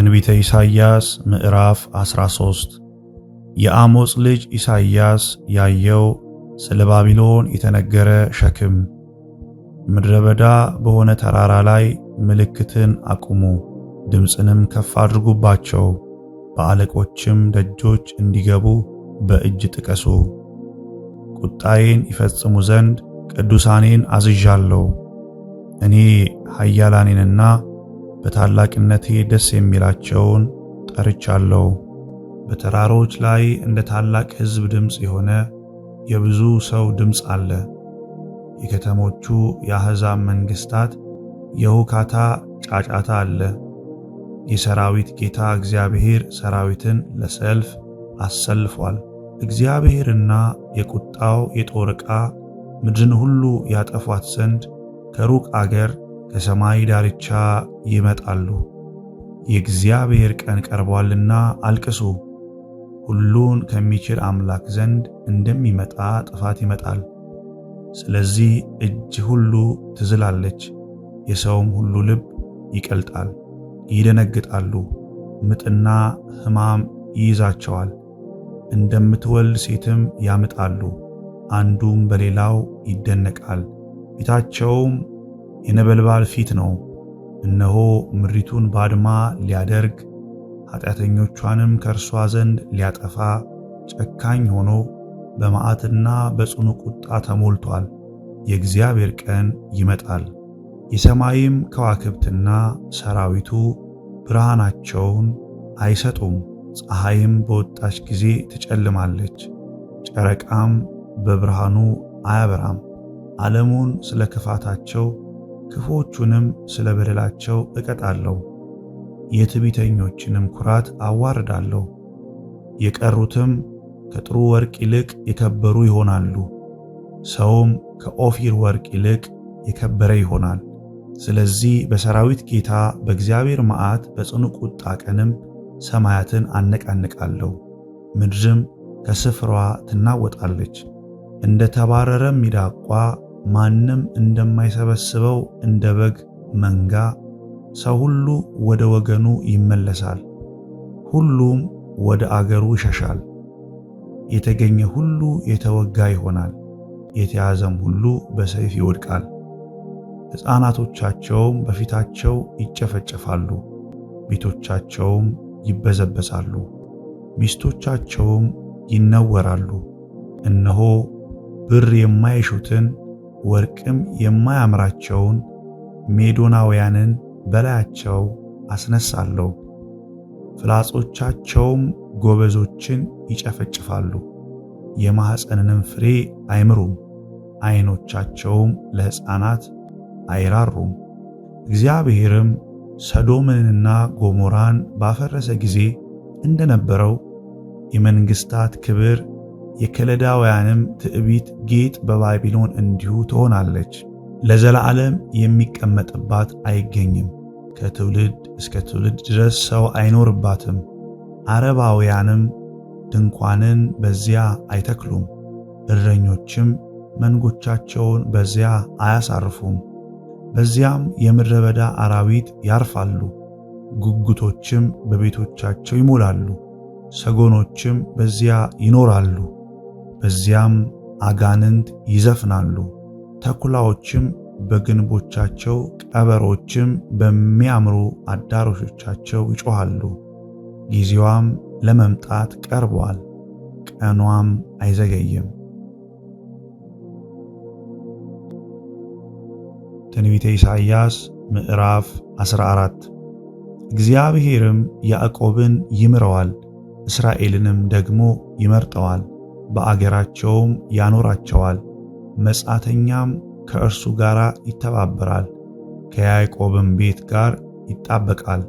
ትንቢተ ኢሳይያስ ምዕራፍ 13 የአሞጽ ልጅ ኢሳይያስ ያየው ስለ ባቢሎን የተነገረ ሸክም። ምድረ በዳ በሆነ ተራራ ላይ ምልክትን አቁሙ፣ ድምፅንም ከፍ አድርጉባቸው፣ በአለቆችም ደጆች እንዲገቡ በእጅ ጥቀሱ። ቁጣዬን ይፈጽሙ ዘንድ ቅዱሳኔን አዝዣለሁ። እኔ ኃያላኔንና በታላቅነቴ ደስ የሚላቸውን ጠርቻለሁ። በተራሮች ላይ እንደ ታላቅ ሕዝብ ድምፅ የሆነ የብዙ ሰው ድምፅ አለ። የከተሞቹ የአሕዛብ መንግሥታት የውካታ ጫጫታ አለ። የሰራዊት ጌታ እግዚአብሔር ሰራዊትን ለሰልፍ አሰልፏል። እግዚአብሔርና የቁጣው የጦር ዕቃ ምድርን ሁሉ ያጠፏት ዘንድ ከሩቅ አገር ከሰማይ ዳርቻ ይመጣሉ። የእግዚአብሔር ቀን ቀርቧልና አልቅሱ። ሁሉን ከሚችል አምላክ ዘንድ እንደሚመጣ ጥፋት ይመጣል። ስለዚህ እጅ ሁሉ ትዝላለች፣ የሰውም ሁሉ ልብ ይቀልጣል። ይደነግጣሉ፣ ምጥና ሕማም ይይዛቸዋል። እንደምትወልድ ሴትም ያምጣሉ፣ አንዱም በሌላው ይደነቃል። ፊታቸውም የነበልባል ፊት ነው። እነሆ ምሪቱን ባድማ ሊያደርግ ኃጢአተኞቿንም ከእርሷ ዘንድ ሊያጠፋ ጨካኝ ሆኖ በመዓትና በጽኑ ቁጣ ተሞልቷል። የእግዚአብሔር ቀን ይመጣል። የሰማይም ከዋክብትና ሰራዊቱ ብርሃናቸውን አይሰጡም። ፀሐይም በወጣች ጊዜ ትጨልማለች፣ ጨረቃም በብርሃኑ አያበራም። ዓለሙን ስለ ክፋታቸው ክፉዎቹንም ስለ በደላቸው እቀጣለሁ፣ የትዕቢተኞችንም ኩራት አዋርዳለሁ። የቀሩትም ከጥሩ ወርቅ ይልቅ የከበሩ ይሆናሉ፣ ሰውም ከኦፊር ወርቅ ይልቅ የከበረ ይሆናል። ስለዚህ በሰራዊት ጌታ በእግዚአብሔር መዓት በጽኑ ቁጣ ቀንም ሰማያትን አነቃንቃለሁ፣ ምድርም ከስፍራዋ ትናወጣለች። እንደ ተባረረም ሚዳቋ ማንም እንደማይሰበስበው እንደ በግ መንጋ ሰው ሁሉ ወደ ወገኑ ይመለሳል፣ ሁሉም ወደ አገሩ ይሸሻል። የተገኘ ሁሉ የተወጋ ይሆናል፣ የተያዘም ሁሉ በሰይፍ ይወድቃል። ሕፃናቶቻቸውም በፊታቸው ይጨፈጨፋሉ፣ ቤቶቻቸውም ይበዘበዛሉ፣ ሚስቶቻቸውም ይነወራሉ። እነሆ ብር የማይሹትን ወርቅም የማያምራቸውን ሜዶናውያንን በላያቸው አስነሳለሁ፣ ፍላጾቻቸውም ጎበዞችን ይጨፈጭፋሉ፣ የማኅፀንንም ፍሬ አይምሩም፣ ዐይኖቻቸውም ለሕፃናት አይራሩም። እግዚአብሔርም ሰዶምንና ጎሞራን ባፈረሰ ጊዜ እንደነበረው የመንግሥታት ክብር የከለዳውያንም ትዕቢት ጌጥ በባቢሎን እንዲሁ ትሆናለች፣ ለዘላለም የሚቀመጥባት አይገኝም። ከትውልድ እስከ ትውልድ ድረስ ሰው አይኖርባትም። አረባውያንም ድንኳንን በዚያ አይተክሉም፣ እረኞችም መንጎቻቸውን በዚያ አያሳርፉም። በዚያም የምድረ በዳ አራዊት ያርፋሉ፣ ጉጉቶችም በቤቶቻቸው ይሞላሉ፣ ሰጎኖችም በዚያ ይኖራሉ። በዚያም አጋንንት ይዘፍናሉ፣ ተኩላዎችም በግንቦቻቸው ቀበሮችም በሚያምሩ አዳራሾቻቸው ይጮኻሉ። ጊዜዋም ለመምጣት ቀርቧል፣ ቀኗም አይዘገይም። ትንቢተ ኢሳይያስ ምዕራፍ 14 እግዚአብሔርም ያዕቆብን ይምረዋል፣ እስራኤልንም ደግሞ ይመርጠዋል በአገራቸውም ያኖራቸዋል። መጻተኛም ከእርሱ ጋር ይተባበራል፣ ከያዕቆብም ቤት ጋር ይጣበቃል።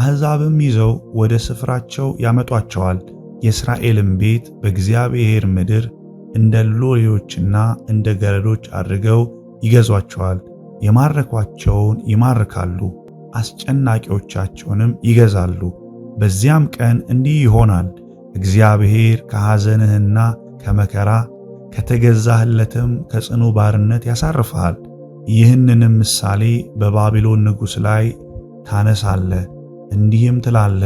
አሕዛብም ይዘው ወደ ስፍራቸው ያመጧቸዋል። የእስራኤልም ቤት በእግዚአብሔር ምድር እንደ ሎሌዎችና እንደ ገረዶች አድርገው ይገዟቸዋል። የማረኳቸውን ይማርካሉ፣ አስጨናቂዎቻቸውንም ይገዛሉ። በዚያም ቀን እንዲህ ይሆናል እግዚአብሔር ከሐዘንህና ከመከራ ከተገዛህለትም ከጽኑ ባርነት ያሳርፍሃል። ይህንንም ምሳሌ በባቢሎን ንጉሥ ላይ ታነሳለ እንዲህም ትላለ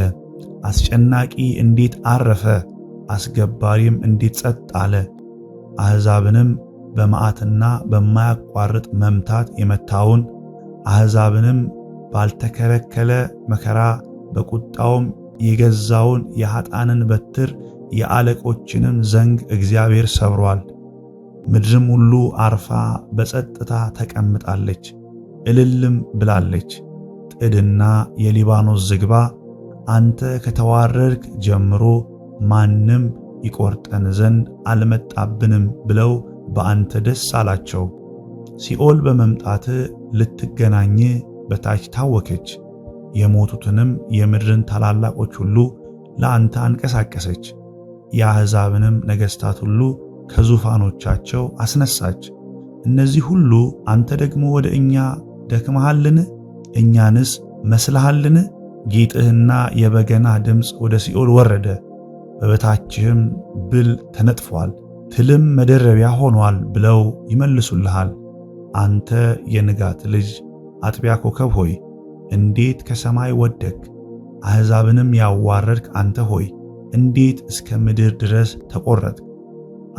አስጨናቂ እንዴት አረፈ፣ አስገባሪም እንዴት ጸጥ አለ። አሕዛብንም በመዓትና በማያቋርጥ መምታት የመታውን አሕዛብንም ባልተከለከለ መከራ በቁጣውም የገዛውን የኃጣንን በትር የአለቆችንም ዘንግ እግዚአብሔር ሰብሯል። ምድርም ሁሉ አርፋ በጸጥታ ተቀምጣለች፣ እልልም ብላለች። ጥድና የሊባኖስ ዝግባ አንተ ከተዋረድክ ጀምሮ ማንም ይቆርጠን ዘንድ አልመጣብንም ብለው በአንተ ደስ አላቸው። ሲኦል በመምጣት ልትገናኝ በታች ታወከች። የሞቱትንም የምድርን ታላላቆች ሁሉ ለአንተ አንቀሳቀሰች፣ የአሕዛብንም ነገሥታት ሁሉ ከዙፋኖቻቸው አስነሳች። እነዚህ ሁሉ አንተ ደግሞ ወደ እኛ ደክመሃልን? እኛንስ መስለሃልን? ጌጥህና የበገና ድምፅ ወደ ሲኦል ወረደ፣ በበታችህም ብል ተነጥፏል፣ ትልም መደረቢያ ሆኗል ብለው ይመልሱልሃል። አንተ የንጋት ልጅ አጥቢያ ኮከብ ሆይ እንዴት ከሰማይ ወደክ! አሕዛብንም ያዋረድክ አንተ ሆይ እንዴት እስከ ምድር ድረስ ተቈረጥክ?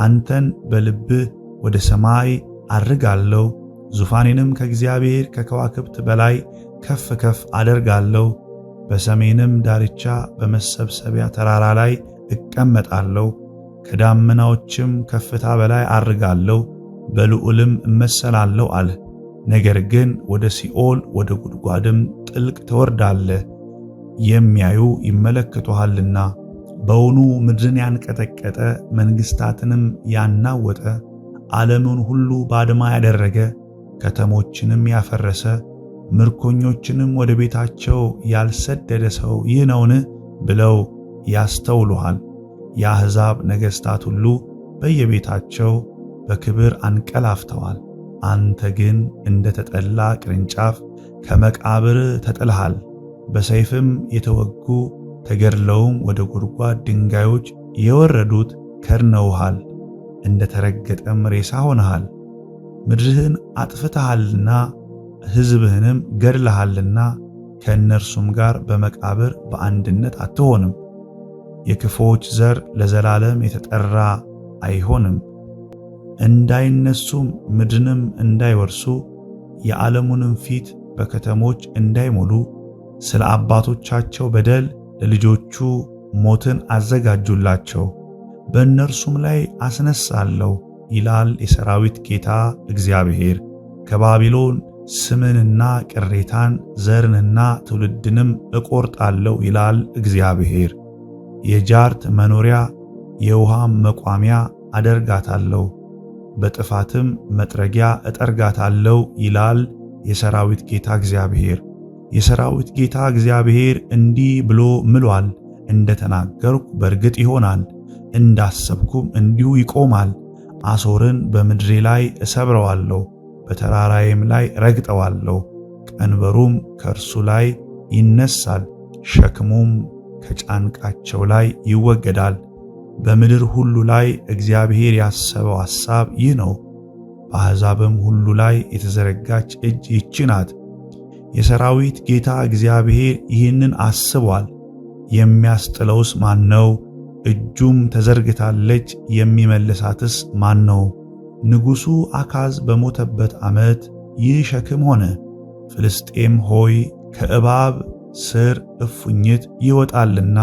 አንተን በልብህ ወደ ሰማይ አርጋለሁ፣ ዙፋኔንም ከእግዚአብሔር ከከዋክብት በላይ ከፍ ከፍ አደርጋለሁ። በሰሜንም ዳርቻ በመሰብሰቢያ ተራራ ላይ እቀመጣለሁ፣ ከዳመናዎችም ከፍታ በላይ አርጋለሁ፣ በልዑልም እመሰላለሁ አልህ። ነገር ግን ወደ ሲኦል ወደ ጉድጓድም ጥልቅ ትወርዳለህ የሚያዩ ይመለከቱሃልና። በውኑ ምድርን ያንቀጠቀጠ መንግሥታትንም ያናወጠ ዓለምን ሁሉ ባድማ ያደረገ ከተሞችንም ያፈረሰ ምርኮኞችንም ወደ ቤታቸው ያልሰደደ ሰው ይህ ነውን? ብለው ያስተውሉሃል። የአሕዛብ ነገሥታት ሁሉ በየቤታቸው በክብር አንቀላፍተዋል። አንተ ግን እንደ ተጠላ ቅርንጫፍ ከመቃብር ተጥልሃል፣ በሰይፍም የተወጉ ተገድለውም ወደ ጉድጓድ ድንጋዮች የወረዱት ከድነውሃል፣ እንደ ተረገጠም ሬሳ ሆነሃል። ምድርህን አጥፍተሃልና ሕዝብህንም ገድለሃልና ከእነርሱም ጋር በመቃብር በአንድነት አትሆንም። የክፉዎች ዘር ለዘላለም የተጠራ አይሆንም። እንዳይነሱም ምድንም እንዳይወርሱ የዓለሙንም ፊት በከተሞች እንዳይሞሉ ስለ አባቶቻቸው በደል ለልጆቹ ሞትን አዘጋጁላቸው፣ በእነርሱም ላይ አስነሳለሁ ይላል የሰራዊት ጌታ እግዚአብሔር። ከባቢሎን ስምንና ቅሬታን ዘርንና ትውልድንም እቆርጣለሁ ይላል እግዚአብሔር። የጃርት መኖሪያ የውሃም መቋሚያ አደርጋታለሁ በጥፋትም መጥረጊያ እጠርጋታለሁ ይላል የሰራዊት ጌታ እግዚአብሔር። የሰራዊት ጌታ እግዚአብሔር እንዲህ ብሎ ምሏል፣ እንደ ተናገርኩ በእርግጥ ይሆናል፣ እንዳሰብኩም እንዲሁ ይቆማል። አሶርን በምድሬ ላይ እሰብረዋለሁ፣ በተራራዬም ላይ ረግጠዋለሁ። ቀንበሩም ከእርሱ ላይ ይነሳል፣ ሸክሙም ከጫንቃቸው ላይ ይወገዳል። በምድር ሁሉ ላይ እግዚአብሔር ያሰበው ሐሳብ ይህ ነው። በአሕዛብም ሁሉ ላይ የተዘረጋች እጅ ይቺ ናት። የሰራዊት ጌታ እግዚአብሔር ይህንን አስቧል። የሚያስጥለውስ ማን ነው? እጁም ተዘርግታለች፣ የሚመልሳትስ ማን ነው? ንጉሡ አካዝ በሞተበት ዓመት ይህ ሸክም ሆነ። ፍልስጤም ሆይ ከእባብ ስር እፉኝት ይወጣልና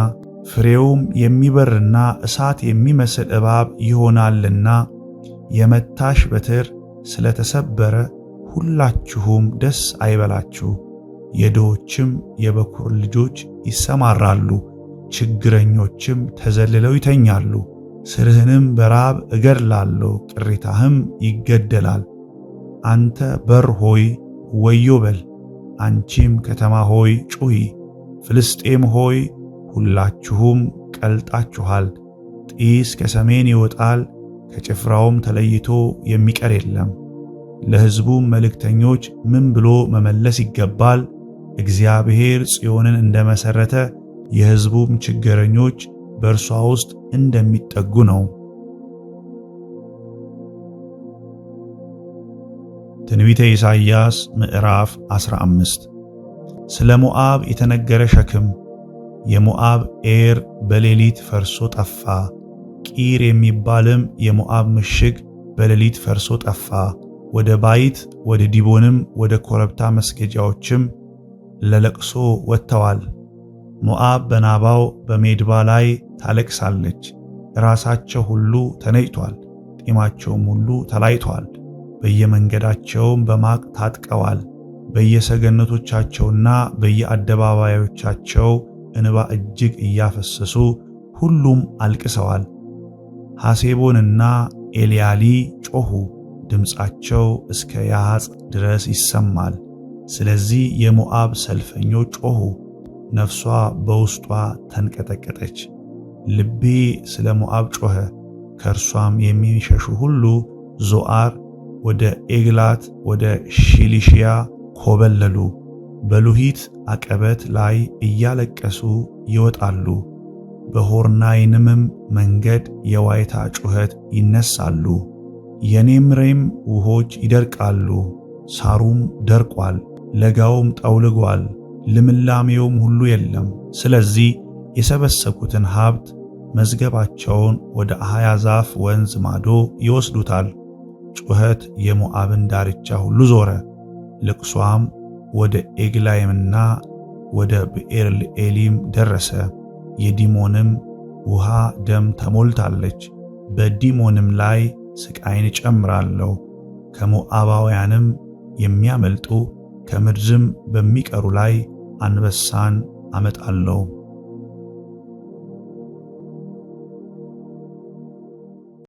ፍሬውም የሚበርና እሳት የሚመስል እባብ ይሆናልና የመታሽ በትር ስለተሰበረ ሁላችሁም ደስ አይበላችሁ። የድሆችም የበኩር ልጆች ይሰማራሉ፣ ችግረኞችም ተዘልለው ይተኛሉ። ስርህንም በራብ እገድላለሁ፣ ቅሬታህም ይገደላል። አንተ በር ሆይ ወዮ በል፣ አንቺም ከተማ ሆይ ጩሂ! ፍልስጤም ሆይ ሁላችሁም ቀልጣችኋል። ጢስ ከሰሜን ይወጣል፣ ከጭፍራውም ተለይቶ የሚቀር የለም። ለሕዝቡም መልእክተኞች ምን ብሎ መመለስ ይገባል? እግዚአብሔር ጽዮንን እንደመሠረተ የሕዝቡም ችግረኞች በእርሷ ውስጥ እንደሚጠጉ ነው። ትንቢተ ኢሳይያስ ምዕራፍ 15 ስለ ሞዓብ የተነገረ ሸክም የሞዓብ ኤር በሌሊት ፈርሶ ጠፋ። ቂር የሚባልም የሞዓብ ምሽግ በሌሊት ፈርሶ ጠፋ። ወደ ባይት ወደ ዲቦንም ወደ ኮረብታ መስገጃዎችም ለለቅሶ ወጥተዋል። ሞዓብ በናባው በሜድባ ላይ ታለቅሳለች። ራሳቸው ሁሉ ተነጭቷል፣ ጢማቸውም ሁሉ ተላይቷል። በየመንገዳቸውም በማቅ ታጥቀዋል። በየሰገነቶቻቸውና በየአደባባዮቻቸው እንባ እጅግ እያፈሰሱ ሁሉም አልቅሰዋል። ሐሴቦንና ኤልያሊ ጮኹ፣ ድምፃቸው እስከ ያሐጽ ድረስ ይሰማል። ስለዚህ የሞዓብ ሰልፈኞች ጮኹ፣ ነፍሷ በውስጧ ተንቀጠቀጠች። ልቤ ስለ ሞዓብ ጮኸ፣ ከእርሷም የሚሸሹ ሁሉ ዞአር ወደ ኤግላት፣ ወደ ሺሊሽያ ኮበለሉ። በሉሂት አቀበት ላይ እያለቀሱ ይወጣሉ፣ በሆርናይንምም መንገድ የዋይታ ጩኸት ይነሳሉ። የኔምሬም ውሆች ይደርቃሉ፣ ሳሩም ደርቋል፣ ለጋውም ጠውልጓል፣ ልምላሜውም ሁሉ የለም። ስለዚህ የሰበሰቡትን ሀብት መዝገባቸውን ወደ አህያ ዛፍ ወንዝ ማዶ ይወስዱታል። ጩኸት የሞዓብን ዳርቻ ሁሉ ዞረ፣ ልቅሷም ወደ ኤግላይምና ወደ ኤሊም ደረሰ። የዲሞንም ውሃ ደም ተሞልታለች። በዲሞንም ላይ ስቃይን እጨምራለሁ። ከሞዓባውያንም የሚያመልጡ ከምድርም በሚቀሩ ላይ አንበሳን አመጣለሁ።